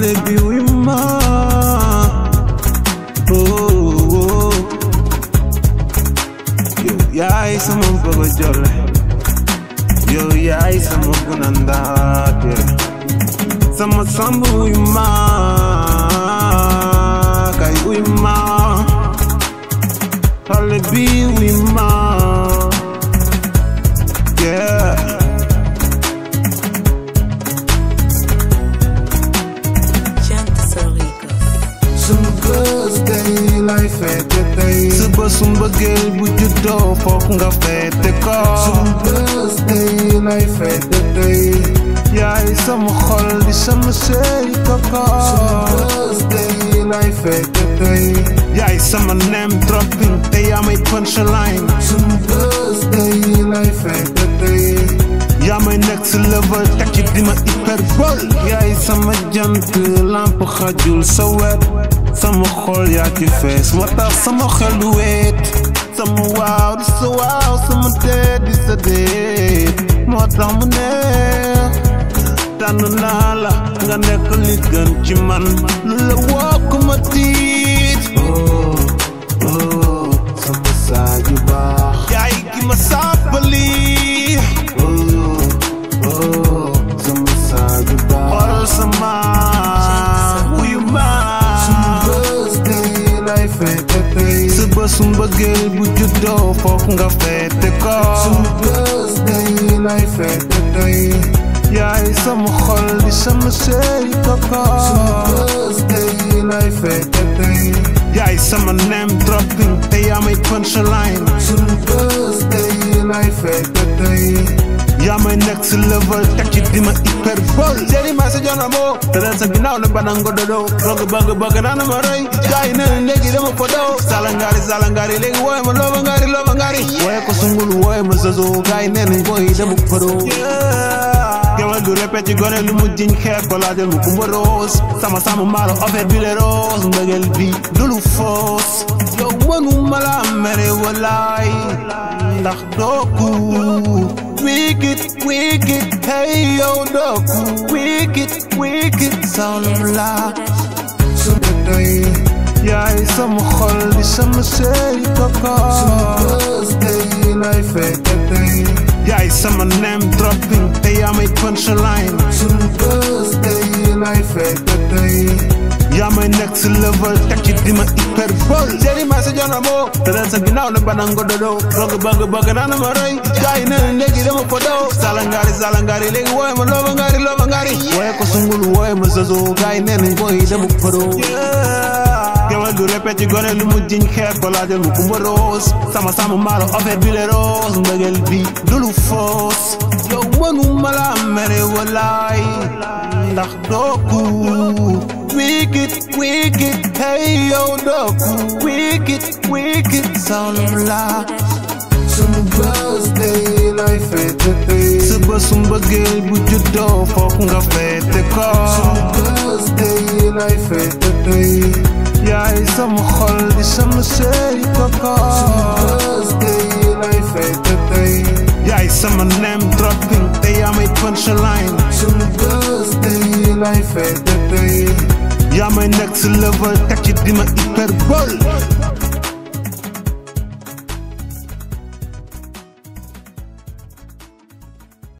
le bi wima oh, oh, oh Yo, ya isa mumpa go jole Yo, ya isa mumpa nanda Sama sambu wima Kai wima Hale bi wima Yeah bës tey lay feete tey su bësu mbëggeel bu juddoo foog nga feete ko su bës tey lay feete tey yaay sama xol di sama sey koko su bës day, lay feete tey name dropping they are my punchline su bës tey lay feete day sexe level tekki di ma hyperbole yaay sama jant lamp xajul sa wet sama xol yaa ci fees moo tax sama xel du weet sama waaw di sa waaw sama dee di sa dee moo tax mu neex tànn naa la nga nekk li gën ci man lu la wokk ma tiit su mbëggeel bu juddoo foog nga feete ko sunu bés day lay feete tey yaay sama xol di sama seeri koko day lay feete tey yaay sama name dropping te yaa may punchline sunu bés day lay feete yaa may nekk si level teg ci di ma hyperbole seeni maa si jox na boo te leen sa ginnaaw ne bana ngo dodoo bëgg bëgg bëgg naa na ma roy gaa yi nee na léegi dama ko doo salangaari salangaari léegi wooye ma looba ngaari looba ngaari wooye ko sungul wooye ma soso gaa yi nee nañ booy dama ko doo gewel du répète ci gone lu mu jiñ xeet ko laajal mu kumba roos sama sama maalo offert bi le roos mbëggeel bi du lu foos yow mënu ma la mere walaay ndax doo ku wicked, wicked, hey, hold up, wicked, wicked, sound solemn lies. day, yeah, it's a mohol, it's a mistake, Thursday, life, eh, day. Yeah, it's a name dropping, they are my punchline. Sunday, life, eh, day. I'm a next level. Catch it in my hyperbole. Jerry message on a mo. That's a ginao na banango dodo. Bugger bugger bugger on a marai. Guy na a leg, them for do. Salangari, salangari, leg, why am I lovangari, lovangari? Why Kosungul, why am I so guy in a boy, them for do. Kama dure peti gore lumu jin khe kola de lukumbo rose Sama sama maro ofe bile rose Mbegel bi dulu fos Yo wanu mala mere walai Ndax doku wicked, wicked. Hey, yo, dog, wicked, wicked. Sound loud. Sumba sumba gay but you don't fuck nga fete ko Sumba's day and I fete day Yaay sama xol it's a car. Some girls they and I the. day it's a name dropping te yaa may punchline Sumba's day and I fete day my next level, si it, teg ci dima hyperbole